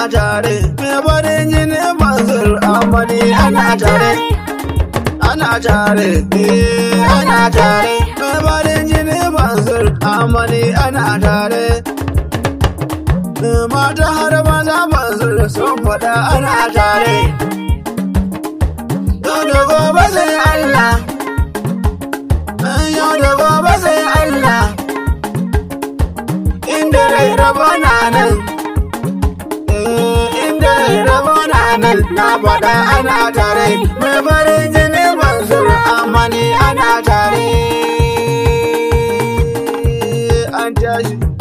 ana tare e, me barin yi ne manzur amadi ana tare ana tare ana tare me barin yi ne manzur amadi ana tare mata har maza manzur sun faɗa ana tare yau da gobe sai Allah yau da gobe sai Allah inda rai raba na nan nan na faɗa ana tare mai farin jini mansur amani ana tare an tashi